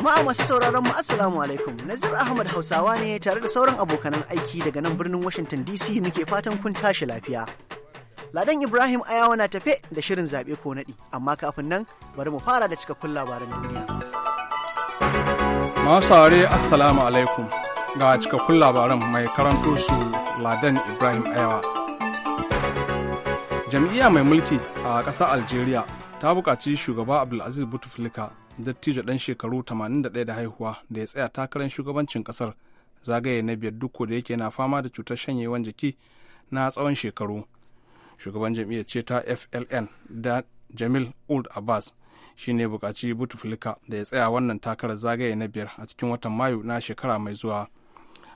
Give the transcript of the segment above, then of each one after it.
Jama'a masu sauraron mu Assalamu alaikum. Nazir Ahmad Hausawa ne tare da sauran abokanan aiki daga nan birnin Washington DC muke fatan kun tashi lafiya. Ladan Ibrahim Ayawa na tafe da shirin zaɓe ko naɗi, amma kafin nan bari mu fara da cikakkun labaran duniya. Masu saurare Assalamu alaikum. Ga cikakkun labaran mai karanto su Ladan Ibrahim Ayawa. Jam'iyya mai mulki a ƙasar Algeria ta buƙaci shugaba Abdulaziz Butuflika. dattijo dan shekaru 81 da haihuwa da ya tsaya takarar shugabancin ƙasar zagaye na biyar duk da yake na fama da cutar shanyewan jiki na tsawon shekaru shugaban jam'iyyar ce ta fln da jamil old abbas shine bukaci butuflika da ya tsaya wannan takarar zagaye na biyar a cikin watan mayu na shekara mai zuwa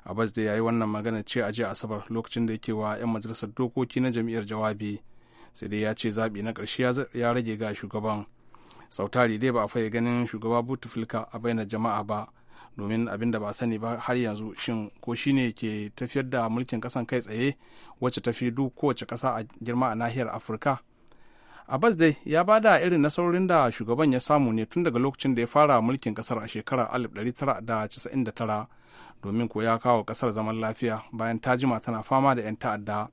abbas da ya yi wannan magana ce a jiya asabar lokacin da yake wa 'yan majalisar dokoki na jam'iyyar jawabi sai dai ya ce zaɓi na ƙarshe ya rage ga shugaban sautari dai ba a faye ganin shugaba buteflika a bainar jama'a ba domin abin da ba sani ba har yanzu shin ko shi ne ke tafiyar da mulkin kasan kai tsaye wacce ta fi duk kowace kasa a girma a nahiyar afirka abbas dai ya ba da irin nasarorin da shugaban ya samu ne tun daga lokacin da ya fara mulkin kasar a shekarar tara domin ko ya kawo kasar zaman lafiya bayan ta jima tana fama da 'yan ta'adda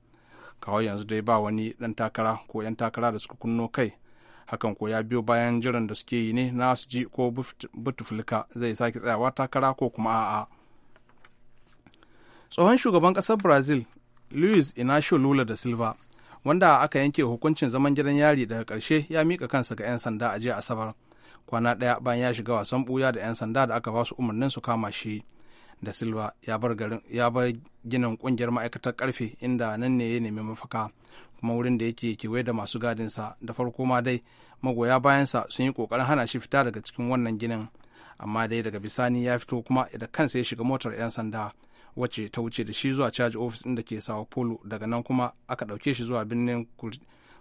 kawai yanzu dai ba wani dan takara ko 'yan takara da suka kunno kai hakan ko ya biyo bayan jiran da suke yi ne na su ji ko butuflika zai sake tsayawa takara ko kuma a'a tsohon shugaban ƙasar brazil luis inacio lula da silva wanda aka yanke hukuncin zaman gidan yari daga karshe ya mika kansa ga 'yan sanda a jiya asabar kwana ɗaya bayan ya shiga wasan buya da 'yan sanda da aka ba su umarnin su kama shi da silva ya bar ginin ƙungiyar ma'aikatar karfe inda nan ne ya nemi mafaka kuma wurin da yake kewaye da masu gadinsa da farko ma dai magoya bayansa sun yi kokarin hana shi fita daga cikin wannan ginin amma dai daga bisani ya fito kuma da kansa ya shiga motar 'yan sanda wacce ta wuce da shi zuwa caji ofis ɗin da ke sawa paulo daga nan kuma aka ɗauke shi zuwa birnin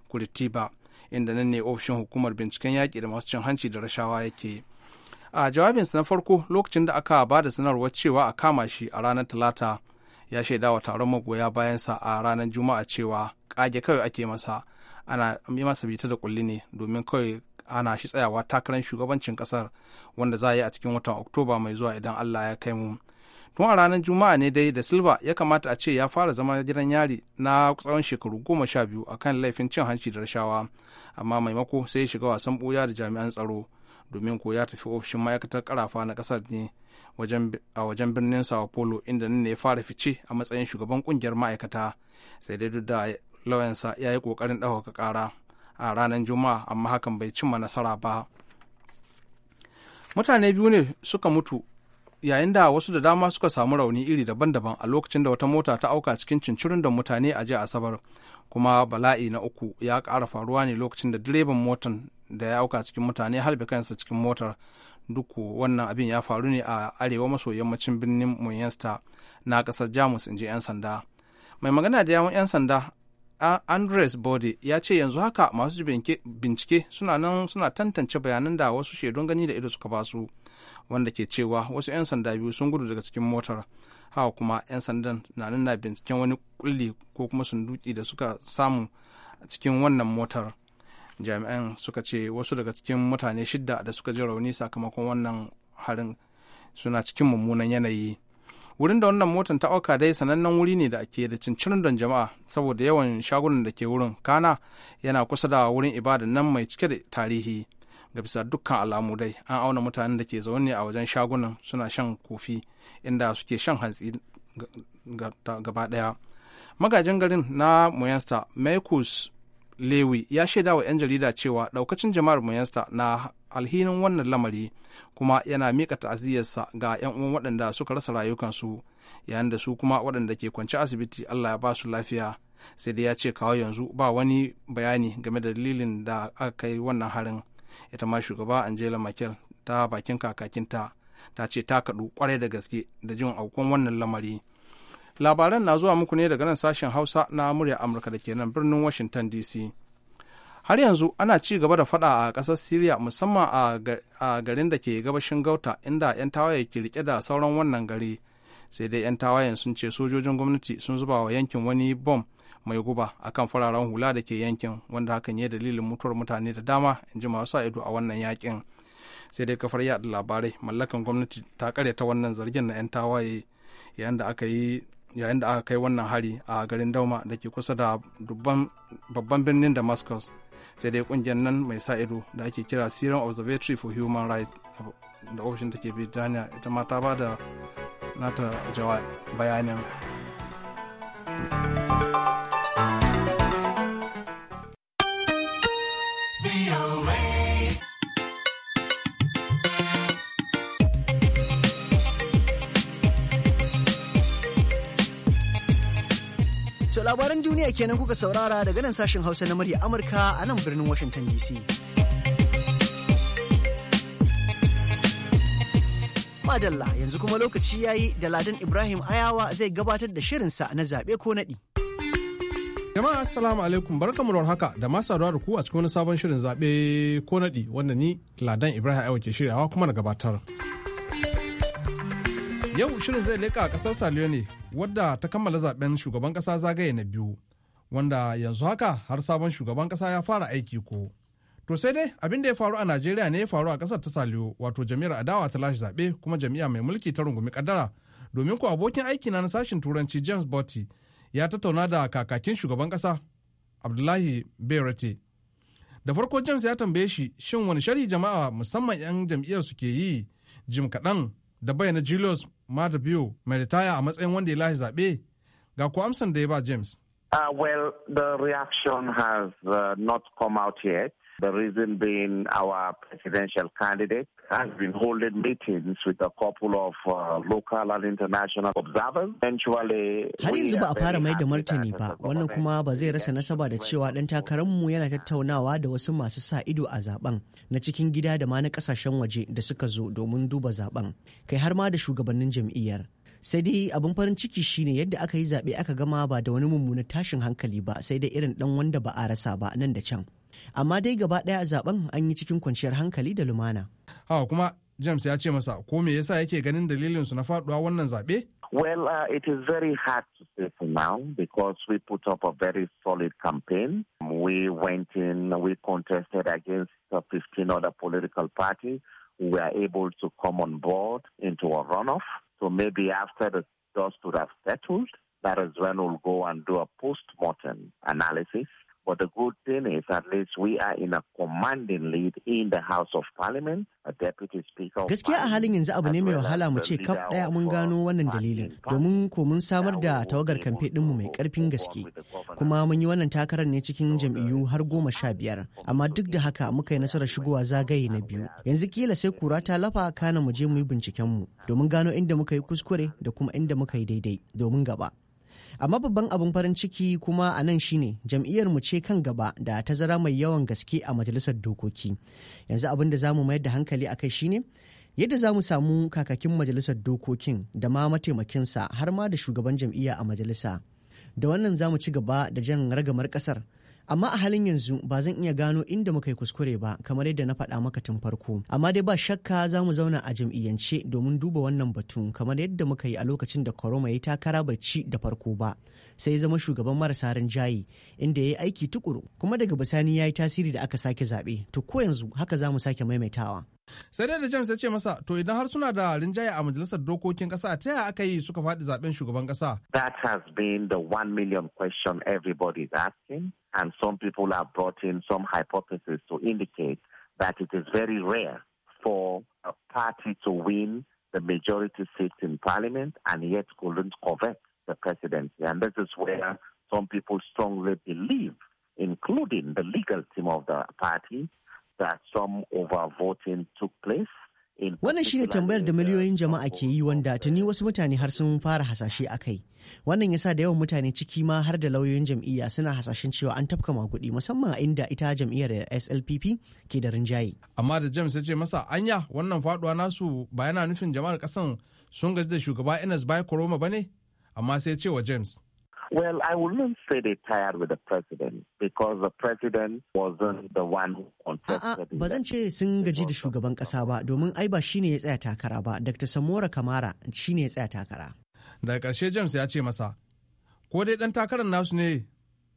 curitiba inda nan ne ofishin hukumar binciken yaƙi da masu cin hanci da rashawa yake a jawabinsa na farko lokacin da aka ba da sanarwar cewa a kama shi a ranar talata ya shaida wa taron magoya bayansa a ranar juma'a cewa kage kawai ake masa ana yi masa bita da kulli ne domin kawai ana shi tsayawa takarar shugabancin kasar wanda za a yi a cikin watan oktoba mai zuwa idan allah ya kai mu tun a ranar juma'a ne dai da silva ya kamata a ce ya fara zama gidan yari na tsawon shekaru goma sha biyu a kan laifin cin hanci da rashawa amma maimako sai ya shiga wasan ɓuya da jami'an tsaro domin ko ya tafi ofishin ma'aikatar karafa na kasar ne a wajen birnin sao paulo inda nan ne ya fara fice a matsayin shugaban kungiyar ma'aikata sai dai duk da lauyansa ya yi kokarin ɗaukaka ƙara a ranar juma'a amma hakan bai cimma nasara ba mutane biyu ne suka mutu yayin da wasu da dama suka samu rauni iri daban-daban a lokacin da wata mota ta auka cikin cincirin da mutane a jiya asabar kuma bala'i na uku ya kara faruwa ne lokacin da direban motan da ya auka cikin mutane halbe kansa cikin motar duk wannan abin ya faru ne a arewa maso yammacin birnin Munyensta na kasar Jamus in ji 'yan sanda. Mai magana da yawon 'yan sanda Andres Bode ya ce yanzu haka masu bincike suna nan suna tantance bayanan da wasu shaidun gani da ido suka basu wanda ke cewa wasu 'yan sanda biyu sun gudu daga cikin motar. haka kuma 'yan sandan na nan binciken wani kulli ko kuma sunduki da suka samu cikin wannan motar. jami'an suka ce wasu daga cikin mutane shidda da suka ji rauni sakamakon wannan harin suna cikin mummunan yanayi wurin da wannan motar ta auka dai sanannen wuri ne da ke da cincirin don jama'a saboda yawan shagunan da ke wurin kana yana kusa da wurin ibada nan mai cike da tarihi ga bisa dukkan alamu dai an auna mutanen da ke zaune a wajen shagunan suna shan kofi inda suke shan hantsi gaba daya magajin garin na moyansta maikus lewi ya shaida wa 'yan jarida cewa ɗaukacin jama'ar manchester na alhinin wannan lamari kuma yana miƙa ta'aziyarsa ga 'yan uwan waɗanda suka rasa rayukansu yayin da su kuma waɗanda ke kwance asibiti allah ya ba su lafiya sai dai ya ce kawo yanzu ba wani bayani game da dalilin da aka kai wannan harin ita ma shugaba angela merkel ta bakin kakakinta ta ce ta kaɗu kwarai da gaske da jin aukon wannan lamari labaran na zuwa muku ne daga nan sashen hausa na murya amurka da ke nan birnin washington dc har yanzu ana ci gaba da fada a kasar syria musamman a garin da ke gabashin gauta inda 'yan tawaye ke rike da sauran wannan gari sai dai 'yan tawayen sun ce sojojin gwamnati sun zuba wa yankin wani bom mai guba akan fararen hula da ke yankin wanda hakan ya dalilin mutuwar mutane da dama in ji masu ido a wannan yakin sai dai kafar yaɗa labarai mallakan gwamnati ta ta wannan zargin na 'yan tawaye yayin da aka yi yayin da aka kai wannan hari a garin dauma da ke kusa da babban birnin damascus sai dai kungiyar nan mai sa ido da ake kira serum observatory for human rights da ofishin take birtaniya ita ma ta ba da nata bayanin. duniya kenan kuka saurara daga nan sashen hausa na murya amurka a nan birnin washington dc madalla yanzu kuma lokaci ya yi da ladan ibrahim ayawa zai gabatar da shirinsa na zaɓe ko naɗi jama'a assalamu alaikum barkamu da haka da masu da ku a cikin wani sabon shirin zaɓe ko naɗi wanda ni ladan ibrahim ayawa ke shiryawa kuma na gabatar yau shirin zai leƙa ƙasar saliyo ne wadda ta kammala zaɓen shugaban ƙasa zagaye na biyu wanda yanzu haka har sabon shugaban kasa ya fara aiki ko. To sai dai abin da ya faru a Najeriya ne ya faru a kasar ta Saliyo wato jami'ar adawa ta lashe zaɓe kuma jami'a mai mulki ta rungumi kaddara domin ko abokin aiki na sashin turanci James Botti ya tattauna da kakakin shugaban kasa Abdullahi Berete. Da farko James ya tambaye shi shin wani sharhi jama'a musamman 'yan jam'iyyar su ke yi jim kaɗan da bayyana Julius Madabio mai ritaya a matsayin wanda ya lashe zaɓe ga ko amsan da ya ba James. Uh, well, the reaction has uh, not come out yet. The reason being our presidential candidate has been holding meetings with a couple of uh, local and international observers. Eventually, har yanzu ba a fara mai da martani ba, wannan kuma ba zai rasa nasaba da cewa ɗan takararmu yana tattaunawa da wasu masu sa ido a zaben na cikin gida da ma na ƙasashen waje da suka zo domin duba zaben, kai har ma da shugabannin jam'iyyar. sai dai abin farin ciki shine yadda aka yi zaɓe aka gama ba da wani mummunan tashin hankali ba sai dai irin ɗan wanda ba a rasa ba nan da can amma dai gaba ɗaya a zaben an yi cikin kwanciyar hankali da lumana. hawa kuma james ya ce masa ko me yasa yake ganin dalilin su na faduwa wannan zaɓe Well, uh, it is very hard to say for now because we put up a very solid campaign. We went in, we contested against 15 other political parties. We were able to come on board into a runoff. So maybe after the dust would have settled, that is when we will go and do a post-mortem analysis But the good thing is, at least we are in a commanding lead in the House of Parliament, a deputy speaker. Gaskiya a halin yanzu abu ne mai wahala mu ce kaf ɗaya mun gano wannan dalilin domin ko mun samar da tawagar kamfe ɗinmu mai ƙarfin gaske kuma mun yi wannan takarar ne cikin uh, jam'iyyu har goma sha biyar amma duk da haka muka yi nasarar shigowa zagaye na biyu yanzu kila sai kura ta lafa kana mu je mu yi bincikenmu domin gano inda muka yi kuskure da kuma inda muka yi daidai domin gaba. amma babban abin farin ciki kuma a nan shine jam'iyyar mu ce kan gaba da tazara mai yawan gaske a majalisar dokoki yanzu abin da zamu mayar da hankali a akai shine yadda za mu samu kakakin majalisar dokokin da ma mataimakinsa har ma da shugaban jam'iyya a majalisa da wannan za mu ci gaba da jan ragamar kasar amma a halin yanzu ba zan iya gano inda muka yi kuskure ba kamar yadda na faɗa maka tun farko amma dai ba shakka za mu zauna a jam'iyyance domin duba wannan batu kamar yadda muka yi a lokacin da koroma ya takara bacci da farko ba sai zama shugaban marasa rinjaye inda ya yi aiki tukuru kuma daga bisani ya yi tasiri da aka sake zaɓe to ko yanzu haka za mu sake maimaitawa sai dai da james ya ce masa to idan har suna da rinjaye a majalisar dokokin kasa ta yaya aka yi suka faɗi zaben shugaban kasa that has been the one million question everybody is asking and some people have brought in some hypotheses to indicate that it is very rare for a party to win the majority seats in parliament and yet couldn't covet the presidency. And this is where some people strongly believe, including the legal team of the party, that some overvoting took place Wannan shine tambayar da miliyoyin jama'a ke yi wanda tuni wasu mutane har sun fara hasashe a kai. Wannan yasa da yawan mutane ciki ma har da lauyoyin jam'iyya suna hasashen cewa an tafka maguɗi musamman a inda ita jam'iyyar SLPP ke da rinjaye. Amma da James ya ce masa anya wannan faduwa nasu ba yana nufin jama'ar kasan sun gaji da shugaba Enes Bai Koroma ba ne? Amma sai ya ce wa James. Well, I wouldn't say they tired with the president because the president wasn't the one who contested. A'a, ba zan ce sun gaji da shugaban kasa ba domin ai ba shine ya tsaya takara ba. Dr. Samora Kamara shine ya tsaya takara. Daga ƙarshe James ya ce masa, ko dai ɗan takarar nasu ne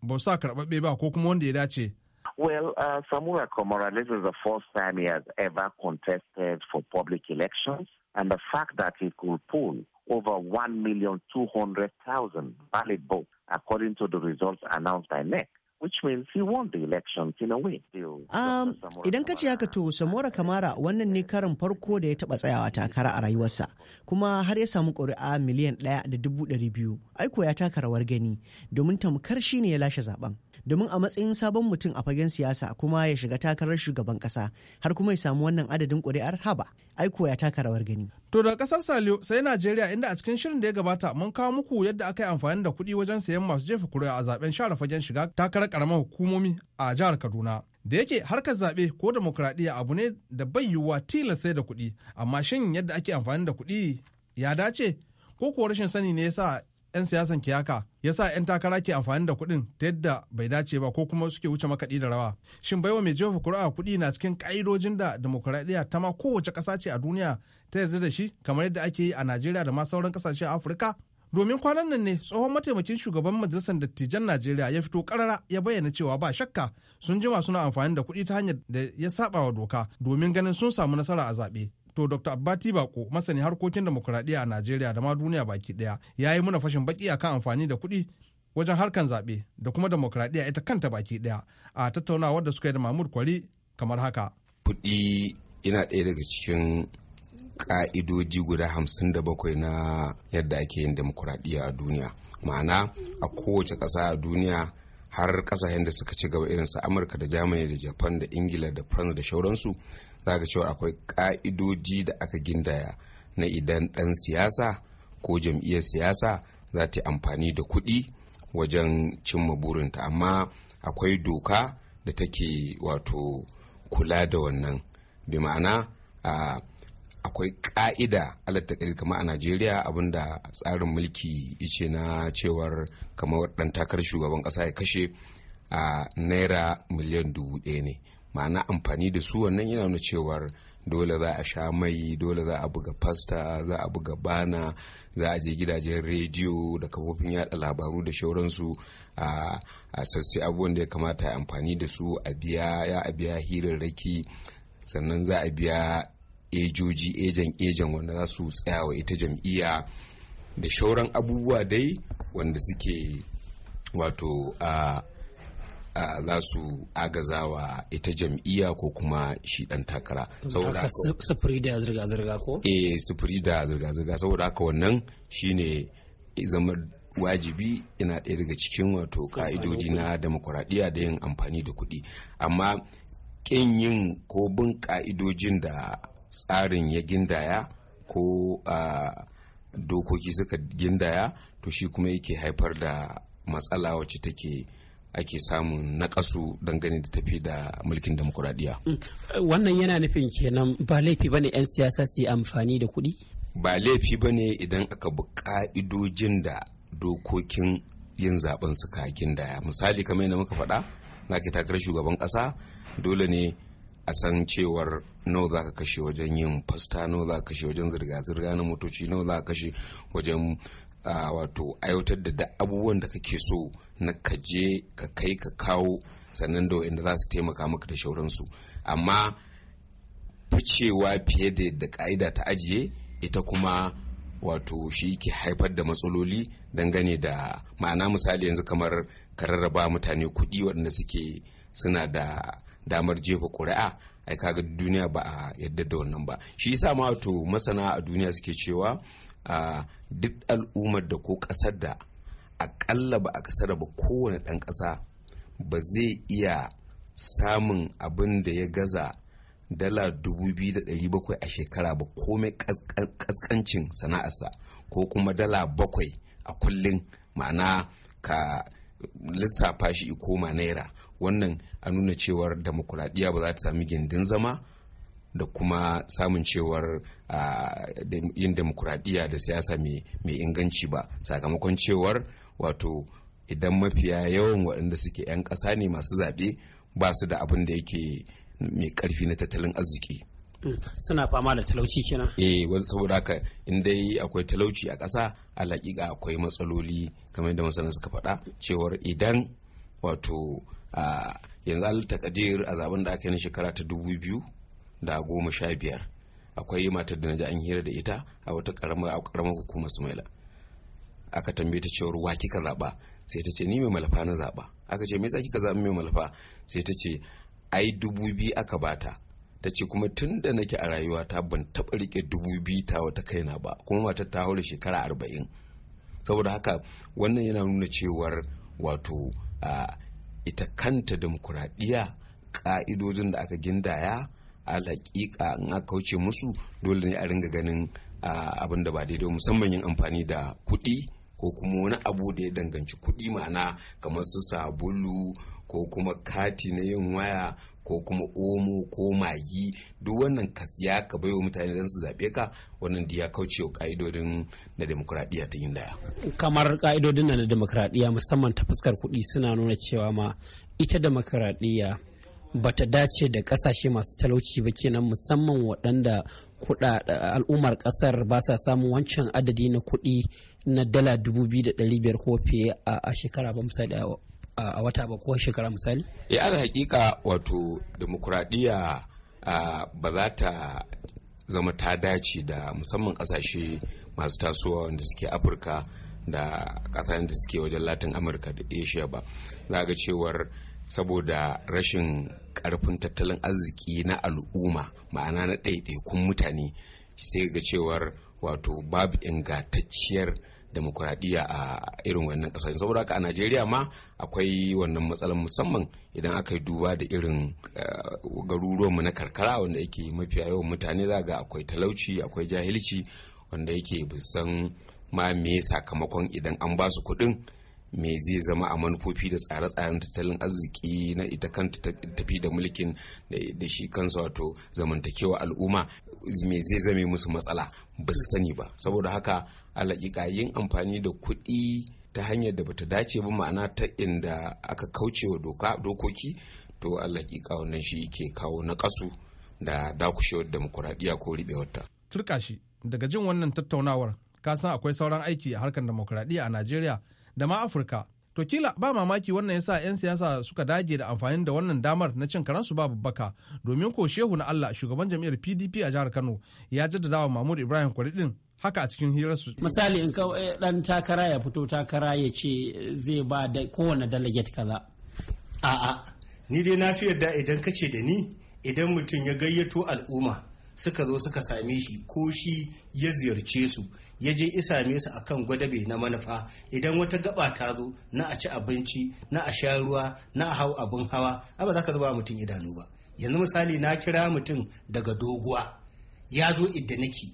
ba sa karɓaɓɓe ba ko kuma wanda ya dace. Well, uh, Samura Kamara, this is the first time he has ever contested for public elections, and the fact that he could pull over 1,200,000 valid votes, according to the results announced by NEC. which means he the um, idan ka ce haka to Samora Kamara wannan ne karin farko da ya taɓa tsayawa takara a rayuwarsa kuma har ya samu ƙuri'a miliyan ɗaya da dubu ɗari biyu aiko ya taka rawar gani domin tamkar shi ne ya lashe zaben domin a matsayin sabon mutum a fagen siyasa kuma ya shiga takarar shugaban ƙasa har kuma ya samu wannan adadin ƙuri'ar haba aiko ya taka rawar gani. To da kasar Saliyo sai Najeriya inda a cikin shirin da ya gabata mun kawo muku yadda aka yi amfani da kuɗi wajen sayan masu jefa kuri'a a zaben share fagen shiga takarar karamar hukumomi a jihar Kaduna. Da yake harkar zaɓe ko demokuraɗiyya abu ne da bai yiwuwa tilas sai da kuɗi, amma shin yadda ake amfani da kuɗi ya dace? Ko kuwa rashin sani ne yasa 'yan siyasan kiyaka haka yasa 'yan takara ke amfani da kuɗin ta yadda bai dace ba ko kuma suke wuce makaɗi da rawa shin baiwa mai jefa kuri'a kuɗi na cikin ƙa'idojin da demokuraɗiyya ta ma kowace ƙasa ce a duniya ta yarda da shi kamar yadda ake yi a najeriya da ma sauran ƙasashen afirka domin kwanan nan ne tsohon mataimakin shugaban majalisar dattijan najeriya ya fito karara ya bayyana cewa ba shakka sun jima suna amfani da kuɗi ta hanyar da ya saba wa doka domin ganin sun samu nasara a zaɓe To Dr. Abbati Bako masani harkokin demokuraɗiyya a Najeriya da ma duniya baki ɗaya ya yi muna fashin baki akan amfani da kuɗi wajen harkan zaɓe da kuma demokuraɗiyya ita kanta baki ɗaya a tattaunawar da suka yi da Mahmud Kwari kamar haka. Kuɗi yana ɗaya daga cikin ƙa'idoji guda hamsin da bakwai na yadda ake yin demokuraɗiyya a duniya. Ma'ana a kowace ƙasa a duniya har kasashen da suka ci gaba irin su amurka da germany da japan da ingila da france da shauransu za ka cewa akwai ka'idoji da aka gindaya na idan dan siyasa ko jam'iyyar siyasa za ta yi amfani da kuɗi wajen cimma burinta amma akwai doka da take wato kula da wannan bi ma'ana a akwai ka'ida alatta kama a najeriya abinda tsarin mulki ice na cewar kamar dan takar shugaban kasa ya kashe a naira miliyan dubu ɗaya ne ma'ana amfani da su wannan yana nuna cewar dole za a sha mai dole za a buga fasta za a buga bana za a je gidajen rediyo da kafofin yada labaru da shauransu a sassai abubuwan da ya kamata amfani da su a biya ya a biya hirarraki sannan za a biya ejoji ejan ejan wanda za su tsayawa ita jam'iyya da shauran abubuwa dai wanda suke wato a za su agaza wa ita jam'iyya ko kuma shi dan takara saboda sufuri da zirga-zirga ko eh sufuri da zirga-zirga saboda haka wannan shine zama wajibi ina ɗaya daga cikin wato ka'idodi na demokuraɗiyya da yin amfani da kuɗi amma ƙin yin ko bin ka'idojin da tsarin ya gindaya ko a dokoki suka gindaya to shi kuma yake haifar da matsala wacce take ake samun nakasu dangane da tafi da mulkin demokuraɗiyya. wannan yana nufin kenan ba laifi ba ne 'yan siyasa su amfani da kuɗi? ba laifi ba ne idan aka bi ƙa'idojin da dokokin yin zaben suka gindaya misali kamar yadda muka faɗa na ke takarar shugaban ƙasa dole ne a san cewar nawa za ka kashe wajen yin fasta nawa za ka kashe wajen zirga-zirga na motoci nawa za ka kashe wajen wato aiwatar da da abubuwan da kake so na kaje ka kai ka kawo sannan da inda za su taimaka maka da shauransu amma ficewa fiye da yadda ka'ida ta ajiye ita kuma wato shi ke haifar da matsaloli dangane da ma'ana misali yanzu kamar ka rarraba mutane kuɗi waɗanda suke suna da damar jefa ƙuri'a ai kaga duniya ba a yadda da wannan ba shi yasa ma to masana a duniya suke cewa a duk al'ummar da ko ƙasar da aƙalla ba a ƙasar ba kowane ɗan ƙasa ba zai iya samun abin da ya gaza dala da 2,700 a shekara ba komai kaskancin sana'arsa ko kuma dala bakwai a kullum ma'ana ka lissafa shi koma naira wannan a nuna cewar demokuraɗiyya ba za ta sami gindin zama da kuma samun cewar yin demokuraɗiyya da siyasa mai inganci ba sakamakon cewar wato idan mafiya yawan waɗanda suke 'yan ƙasa ne masu zaɓe ba su da abin da yake mai ƙarfi na tattalin arziki suna fama da talauci kenan eh wani saboda haka in dai akwai talauci a ƙasa a laƙiƙa akwai matsaloli kamar yadda masana suka faɗa cewar idan wato yanzu al takadir a zaben da aka yi na shekara ta dubu biyu da goma sha biyar akwai matar da na ji an hira da ita a wata karamar hukumar sumaila aka tambaye ta cewar wa kika zaɓa sai ta ce ni mai malafa na zaɓa aka ce me yasa kika zaɓi mai malafa sai ta ce ai dubu biyu aka bata ta ce kuma tun da nake a rayuwa ta ban taɓa rike dubu biyu ta wata kaina ba kuma matar ta haura shekara arba'in saboda haka wannan yana nuna cewar wato a ita kanta demokuraɗiyya ƙa'idojin da aka gindaya alhaƙiƙa in aka kauce musu dole ne a ringa ganin abin da ba daidai musamman yin amfani da kuɗi ko kuma wani abu da ya danganci kuɗi ma'ana kamar su sabulu ko kuma kati na yin waya ko kuma omo ko magi duk wannan ka siya ka baiwa mutane don su zaɓe ka wannan ya kauce wa ka'idodin na demokuraɗiyya ta yin kamar ka'idodin na demokuraɗiyya musamman ta fuskar kuɗi suna nuna cewa ma ita demokuraɗiyya ta dace da ƙasashe masu talauci ba kenan musamman waɗanda al'ummar ƙasar ba sa samun wancan adadi na kuɗi na dala dubu biyu da ɗari biyar ko fiye a shekara ba misali a wata ba ko shekara misali? E eh, ala hakika wato demokuraɗiyya ba za ta zama ta dace da musamman ƙasashe masu tasowa wanda suke afirka da ƙasashen da suke wajen latin amurka da asia ba za ga cewar saboda rashin ƙarfin tattalin arziki na al'umma ma'ana na ɗaiɗaikun mutane sai ga cewar wato babu ingantacciyar demokuraɗiyya a irin wannan ƙasashen saboda haka a najeriya ma akwai wannan matsalar musamman idan aka yi duba da irin eh, garuruwanmu na karkara wanda yake mafiya yawan mutane za ga akwai talauci akwai jahilci wanda yake san ma me sakamakon idan an ba su kuɗin me zai zama a manufofi da tsare-tsaren tattalin arziki na ita kanta tafi da mulkin da shi kansa wato zamantakewa al'umma me zai zame musu matsala ba su sani ba saboda haka alaƙiƙa yin amfani da kuɗi ta hanyar da bata dace ba ma'ana ta inda aka kauce wa dokoki to alaƙiƙa wannan shi ke kawo na ƙasu da dakushewar demokuraɗiyya ko riɓewarta. turka shi daga jin wannan tattaunawar ka san akwai sauran aiki a harkar demokuraɗiyya a najeriya da ma afirka To kila ba mamaki wannan yasa 'yan siyasa suka dage da amfani da wannan damar na cin karansu ba babbaka domin ko shehu na Allah shugaban jam'iyyar PDP a jihar Kano ya jaddada wa Mahmud Ibrahim Kwaridin haka a cikin hirarsu. Misali in dan takara ya fito takara ya ce zai ba da kowane delegate kaza. A'a, ni dai na fi yarda idan kace da ni idan mutum ya gayyato al'umma suka zo suka same shi ko shi ya ziyarce su ya je same su kan gwadabe na manufa idan wata gaba ta zo na a ci abinci na a sha ruwa na a hau abin hawa ba za ka zuba mutum idanu ba yanzu misali na kira mutum daga doguwa ya zo idda nake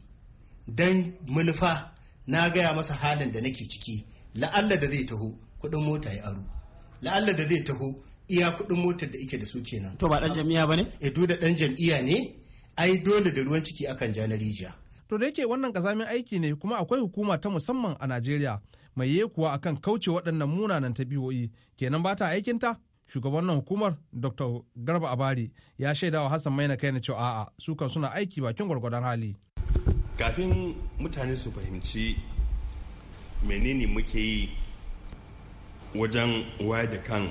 don manufa na gaya masa halin da nake ciki la'alla da zai taho kuɗin mota ya aro la'alla da zai taho iya kuɗin motar da ike da su kenan to ba dan jam'iyya bane edo eh, da dan jam'iyya ne ai dole da ruwan ciki akan ja na rijiya to da yake wannan kazamin aiki ne kuma akwai hukuma ta musamman a Najeriya mai kuwa akan kauce waɗannan munanan tabi'o'i kenan ba ta aikinta shugaban nan hukumar dr garba abari ya shaidawa hassan maina kai na cewa a'a su kan suna aiki bakin gwargwadon hali kafin mutane su fahimci menene muke yi wajen wayar da kan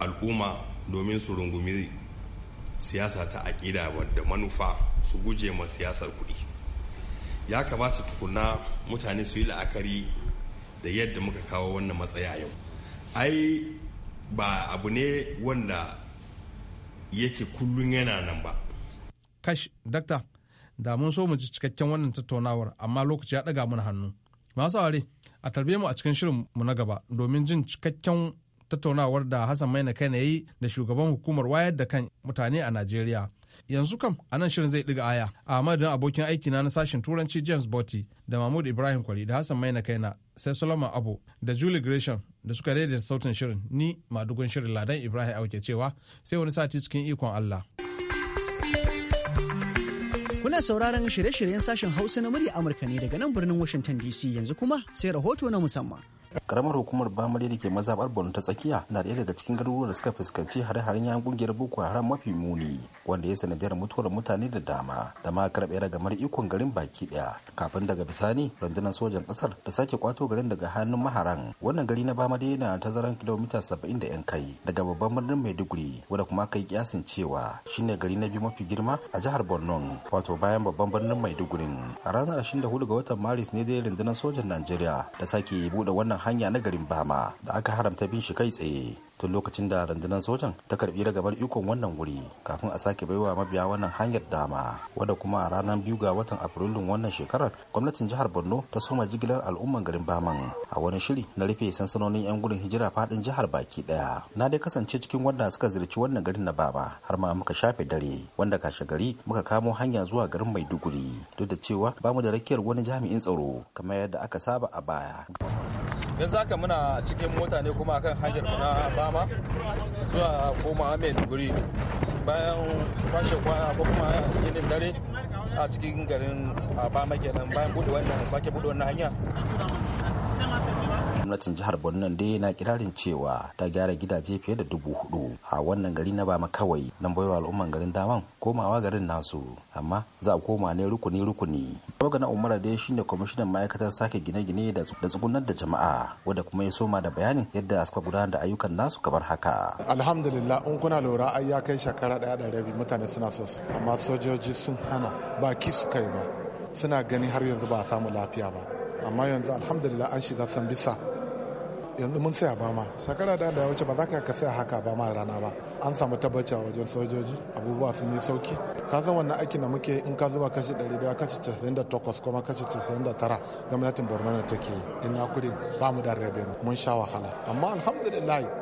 al'umma domin su rungumi siyasa ta aƙida da manufa su guje ma siyasar kuɗi ya kamata tukuna mutane su yi la'akari da yadda muka kawo wannan matsaya yau ai ba abu ne wanda yake kullum yana nan ba kash dakta da mun so mu ci cikakken wannan tattaunawar amma lokaci ya ɗaga mana hannu masu aure a tarbe mu a cikin shirin mu na gaba domin jin cikakken tattaunawar da Hassan Maina kai yi da shugaban hukumar wayar da kan mutane a Najeriya. Yanzu kam a nan shirin zai ɗiga aya a madadin abokin aikina na sashen turanci James Botti da Mahmud Ibrahim Kwari da Hassan Maina kaina sai Solomon Abu da Julie Gresham da suka daidaita sautin shirin ni madugun shirin Ladan Ibrahim Auke cewa sai wani sati cikin ikon Allah. Kuna sauraron shirye-shiryen sashen Hausa na murya Amurka ne daga nan birnin Washington DC yanzu kuma sai rahoto na musamman. karamar hukumar bamare da ke mazabar borno ta tsakiya na daya daga cikin garuruwan da suka fuskanci hare-haren yan kungiyar boko haram mafi muni wanda ya sanadiyar mutuwar mutane da dama da ma karɓe ragamar ikon garin baki ɗaya kafin daga bisani rundunar sojan ƙasar da sake kwato garin daga hannun maharan wannan gari na bamare na tazaran kilomita saba'in da yan kai daga babban birnin maiduguri wanda kuma kai kiyasin cewa shine gari na biyu mafi girma a jihar borno wato bayan babban birnin maiduguri a ranar 24 ga watan maris ne dai rundunar sojan najeriya da sake buɗe wannan hanya na garin bama da aka haramta bin shi kai tsaye tun lokacin da rundunar sojan ta karbi ragabar ikon wannan wuri kafin a sake baiwa mabiya wannan hanyar dama wadda kuma a ranar biyu ga watan afrilun wannan shekarar gwamnatin jihar borno ta soma jigilar al'umman garin baman a wani shiri na rufe sansanonin yan gudun hijira fadin jihar baki daya na dai kasance cikin wanda suka ziyarci wannan garin na baba har ma muka shafe dare wanda kashe gari muka kamo hanya zuwa garin maiduguri duk da cewa ba mu da rakiyar wani jami'in tsaro kamar yadda aka saba a baya yanzu haka muna cikin mota ne kuma akan hanyar na dama zuwa koma guri bayan kwashe kwana ko kuma yinin dare a cikin garin abama kenan bayan bude wannan sake bude wannan hanya gwamnatin jihar borno dai na kirarin cewa ta gyara gidaje fiye da dubu hudu a wannan gari na bama kawai na baiwa al'umman garin daman komawa garin nasu amma za a koma ne rukuni rukuni Baga na umara dai shine kwamishinan ma'aikatar sake gine-gine da tsugunar da jama'a wadda kuma ya soma da bayanin yadda suka gudanar da ayyukan nasu kamar haka alhamdulillah in kuna lura ai ya kai shekara daya da rabi mutane suna so amma sojoji sun hana baki su kai ba suna gani har yanzu ba a samu lafiya ba amma yanzu alhamdulillah an shiga san bisa yanzu mun saya ba ma shekara da da wuce ba za ka ka saya haka ba ma rana ba an samu tabbaci a wajen sojoji abubuwa sun yi sauki ka zama wannan aiki da muke in ka zuba kashi 100 kashi 98 kuma kashi 99 gwamnatin borno na take yi ina kudin ba mu da rabe mun sha wahala amma alhamdulillah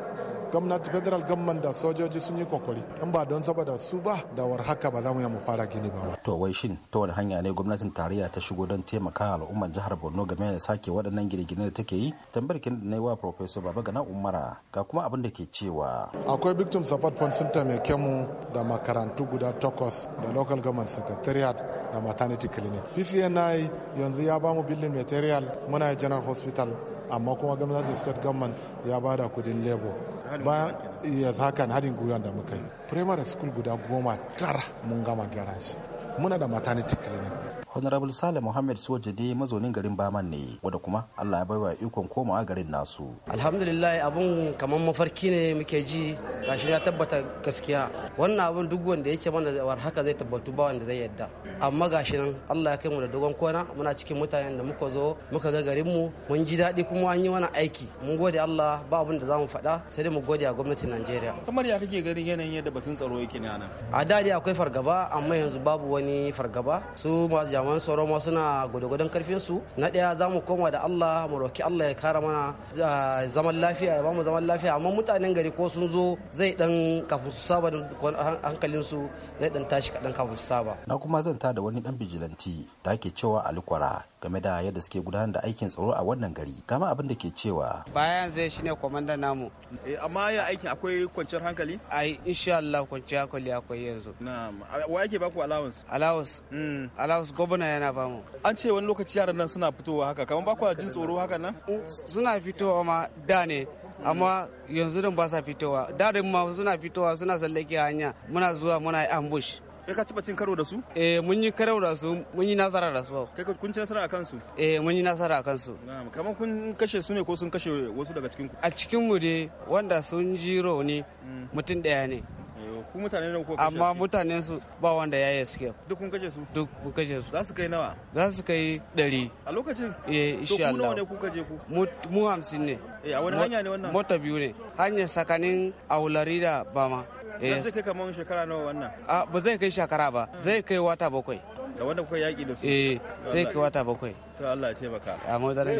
gwamnati federal government da sojoji sun yi kokari in ba don saboda su ba da war haka ba za mu mu fara gini ba to wai shin ta wani hanya ne gwamnatin tarayya ta shigo don taimaka al'ummar jihar borno game da sake waɗannan gine-gine da take yi tambar kin da na wa professor baba gana umara ga kuma abin da ke cewa akwai victim support fund sun taimake mu da makarantu guda takwas da local government secretariat da maternity clinic pcni yanzu ya ba mu building material muna general hospital amma kuma gwamnatin state government ya bada kudin labor bayan ya hakan haɗin guyon da muka yi primary school guda goma tara mun gama gyara shi muna da maternity clinic honorable sale muhammad soja dai mazaunin garin baman ne wanda kuma allah ya baiwa ikon komawa garin nasu alhamdulillah abun kamar mafarki ne muke ji gashi ya tabbata gaskiya wannan abun duk wanda ya ce mana war haka zai tabbatu ba wanda zai yadda amma gashi nan allah ya kai mu da dogon kona muna cikin mutanen da muka zo muka ga garin mu mun ji daɗi kuma an yi wani aiki mun gode allah ba abun da za mu faɗa sai dai mu gode a gwamnatin najeriya kamar ya kake ganin yanayin yadda batun tsaro yake ne a nan a akwai fargaba amma yanzu babu wani fargaba su ma jaman tsaro ma suna gudugudun karfin su na daya za mu koma da Allah mu roki Allah ya kara mana zaman lafiya ya bamu zaman lafiya amma mutanen gari ko sun zo zai dan kafin su saba hankalin su zai dan tashi kadan kafin su saba. Na kuma zan ta da wani dan bijilanti da ke cewa alikwara game da yadda suke gudanar da aikin tsaro a wannan gari kama abin da ke cewa bayan zai shine komandan namu eh, amma ya aikin akwai kwanciyar hankali ai insha Allah kwanciyar hankali akwai yanzu na'am wa yake baku allowance allowance mm. allowance kobuna yana ba mu an ce wani lokaci yaran nan suna fitowa haka kamar ba kwa jin tsoro haka nan suna fitowa ma da ne amma yanzu din ba sa fitowa da ma suna fitowa suna tsallake hanya muna zuwa muna ambush kai ka taba cin karo da su eh mun yi karo da su mun yi nasara da su kai kun ci nasara akan su eh mun yi nasara akan su kamar kun kashe su ne ko sun kashe wasu daga cikin ku a cikin mu dai wanda sun ji rauni mm. mutum daya ne amma ku mutane ko amma su ba wanda ya yi escape duk kun kace su duk kun kace su za su kai nawa za su kai 100 a lokacin eh insha Allah to nawa ne ku kaje ku mu 50 ne eh a wani hanya ne wannan mota biyu ne hanyar sakanin aulari da bama Yes. Zai kai kamar shekara nawa wannan? Ba zai kai shekara ba, zai kai wata bakwai. Da wanda kuka yaƙi da su? Eh, zai kai wata bakwai. to Allah ya taimaka a mu da ne.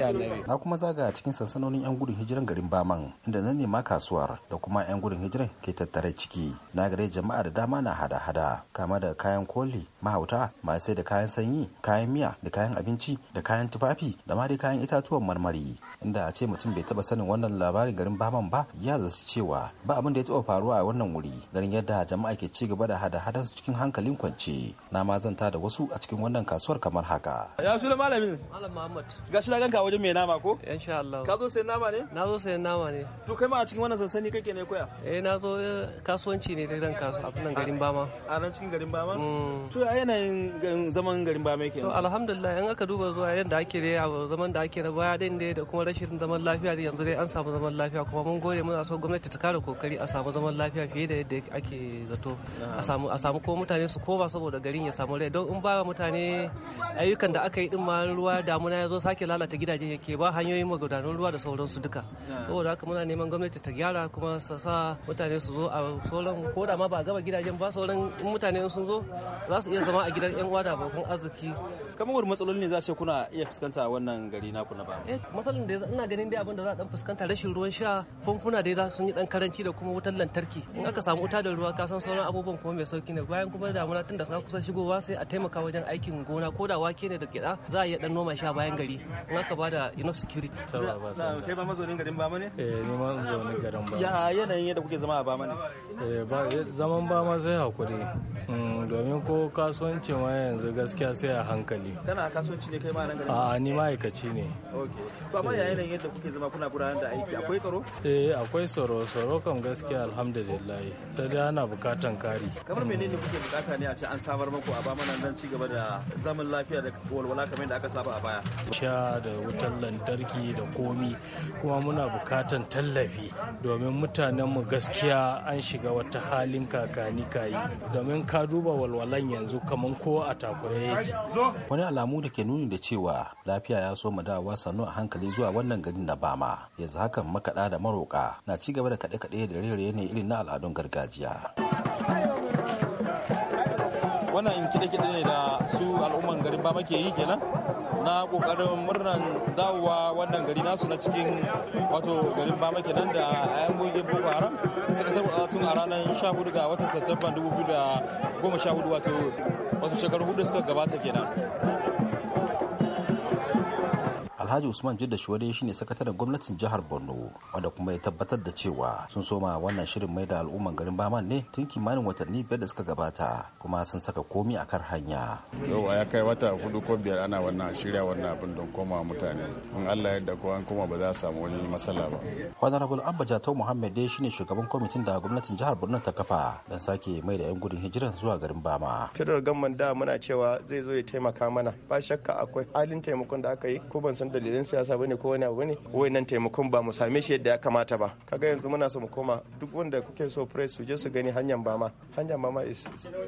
na kuma zaga cikin sansanonin yan gudun hijiran garin Baman inda nan ne ma kasuwar da kuma yan gudun hijiran ke tattare ciki na gare jama'a da dama na hada-hada kama da kayan koli mahauta masu sai da kayan sanyi kayan miya da kayan abinci da kayan tufafi da ma dai kayan itatuwan marmari inda a ce mutum bai taba sanin wannan labarin garin Baman ba ya zasu cewa ba abin da ya taba faruwa a wannan wuri garin yadda jama'a ke ci gaba da hada-hadan su cikin hankalin kwance na ma zanta da wasu a cikin wannan kasuwar kamar haka ya su malamin Malam Muhammad. Gashi na ganka wajen mai nama ko? Insha Allah. Ka zo sayan nama ne? Na zo sayan nama ne. To kai ma a cikin wannan sansani kake ne koya? Eh na zo eh, kasuwanci ne da ran kasuwa a nan garin Bama. A nan cikin garin Bama? Mm. To ya yanayin zaman garin Bama yake? To alhamdulillah in aka duba zuwa yanda ake ne a zaman da ake na baya din dai da kuma rashin zaman lafiya da yanzu dai an samu zaman lafiya kuma mun gode muna so gwamnati ta kare kokari a samu zaman lafiya fiye da yadda ake zato. A samu a samu ko mutane su koma saboda garin ya samu rai don in ba mutane ayyukan da aka yi din ma ruwa damuna ya zo sake lalata gidajen yake ba hanyoyin magudanan ruwa da sauransu duka saboda haka muna neman gwamnati ta gyara kuma sa mutane su zo a sauran ko da ma ba a gama gidajen ba sauran mutane sun zo za su iya zama a gidan yan uwa da abokan arziki kamar wani matsaloli ne za ce kuna iya fuskanta wannan gari na na ba eh, matsalolin da ina ganin dai abin da za a dan fuskanta rashin ruwan sha famfuna dai za su yi dan karanci da kuma wutar lantarki in aka samu wuta da ruwa ka san sauran abubuwan kuma mai sauki ne bayan kuma damuna tun da kusa shigowa sai a taimaka wajen aikin gona ko da wake ne da gida za a iya dan noma shi a bayan gari in aka ba da enough security kai ba mazaunin garin ba ne eh ni ma mazaunin garin ba ya yanayin yadda kuke zama a ba ne eh ba zaman ba ma sai hakuri mm, domin ko kasuwanci ma yanzu gaskiya sai a hankali kana kasuwanci ne kai ma nan garin a ni ma'aikaci ne ok ba ya yanayin yadda kuke zama kuna gudanar da aiki akwai tsaro eh akwai tsaro tsaro kam gaskiya alhamdulillah ta da ana bukatan kari kamar menene mm. kuke bukata ne a ce an samar muku a ba mana nan ci gaba da zaman lafiya da walwala kamar yadda aka saba baya sha da wutar lantarki da komi kuma muna bukatan tallafi domin mutanen mu gaskiya an shiga wata halin kakani kayi domin ka duba walwalan yanzu kamar ko a takure yake wani alamu da ke nuni da cewa lafiya ya so mu dawowa a hankali zuwa wannan garin na bama yanzu hakan makaɗa da maroka na ci gaba da kaɗe-kaɗe da rere ne irin na al'adun gargajiya wannan kiɗe-kiɗe ne da su al'umman garin ba muke yi kenan na kokarin murnan dawowa wannan gari nasu na cikin wato garin ba nan da ayan goge boko haram suka tabbata tun a ranar 14 ga watan satumban 2014 wato wato shekaru hudu suka gabata kenan alhaji usman jidda shuwade shine sakataren gwamnatin jihar borno wanda kuma ya tabbatar da cewa sun soma wannan shirin mai da al'umman garin baman ne tun kimanin watanni biyar da suka gabata kuma sun saka komi a kar hanya yau ya kai wata hudu ko biyar ana wannan shirya wannan abin don koma mutane in allah yadda ko an koma ba za a samu wani matsala ba honorable abba jatau muhammad dai shine shugaban kwamitin da gwamnatin jihar borno ta kafa don sake mai da yan gudun hijiran zuwa garin bama federal gamman da muna cewa zai zo ya taimaka mana ba shakka akwai halin taimakon da aka yi ko ban san da dalilan siyasa bane ko wani abu bane wayannan taimakon ba mu same shi yadda ya kamata ba kaga yanzu muna so mu koma duk wanda kuke so press su je su gani hanyar bama hanyar bama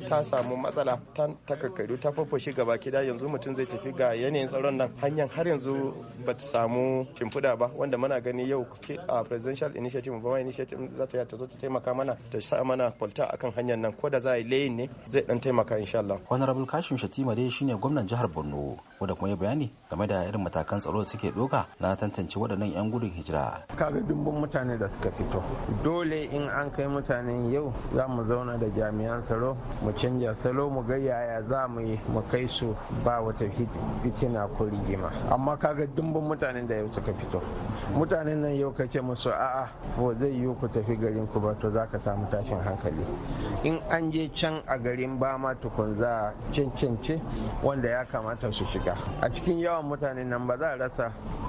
ta samu matsala ta takakkaru ta fafashe gaba da yanzu mutum zai tafi ga yanayin tsaron nan hanyar har yanzu ba ta samu shimfiɗa ba wanda muna gani yau a presidential initiative bama initiative za ta ta zo ta taimaka mana ta sa mana kwalta akan hanyar nan ko da za a yi layin ne zai dan taimaka insha Allah honorable kashim shatima dai shine gwamnan jihar Borno ko da kuma ya bayani game da irin matakan tsaro da suke doka na tantance waɗannan 'yan gudun hijira. Kaga dubban mutane da suka fito. Dole in an kai mutane yau za mu zauna da jami'an tsaro mu canja salo mu ga yaya za mu yi mu kai su ba wata fitina ko rigima. Amma kaga dubban mutanen da yau suka fito. Mutanen nan yau kake musu a'a ko zai yi ku tafi garin ku ba to za ka samu tashin hankali. In an je can a garin ba ma tukun za cancance wanda ya kamata su shiga. a cikin yawan mutane nan ba za a rasa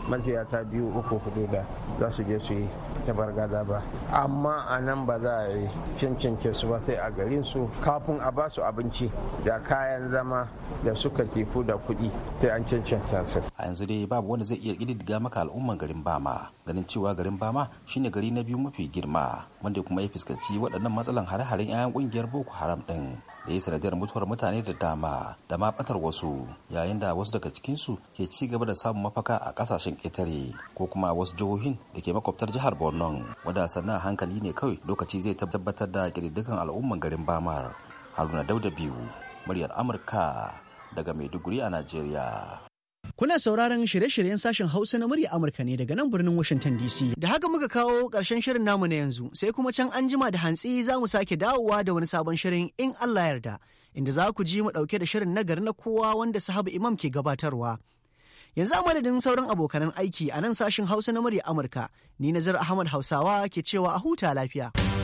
maziyata biyu uku hudu da za su je su yi bargada ba amma a nan ba za a yi cincince su ba sai a garin su kafin a ba su abinci da kayan zama da suka kifu da kuɗi sai an cincinta su a yanzu dai babu wanda zai iya ƙididdiga maka al'umman garin bama ganin cewa garin bama shine gari na biyu mafi girma wanda kuma ya fuskanci waɗannan matsalan hare-haren 'ya'yan ƙungiyar boko haram ɗin da ya sanadiyar mutuwar mutane da dama da ma batar wasu yayin da wasu daga cikinsu ke ci gaba da samun mafaka a kasashen ƙetare ko kuma wasu jihohin da ke makwabtar jihar borno wadda sannan hankali ne kawai lokaci zai tabbatar da ƙididdigan al'umman garin bamar haruna dauda biyu muryar amurka daga maiduguri a najeriya Kuna sauraron shirye-shiryen sashen Hausa na murya Amurka ne daga nan birnin Washington DC. Da haka muka kawo ƙarshen shirin namu na yanzu, sai kuma can an jima da hantsi za mu sake dawowa da wani sabon shirin in Allah yarda, inda za ku ji mu ɗauke da shirin nagari na kowa wanda sahabu Imam ke gabatarwa. Yanzu a madadin sauran abokanan aiki a nan sashen Hausa na murya Amurka, ni Nazar Ahmad Hausawa ke cewa a huta lafiya.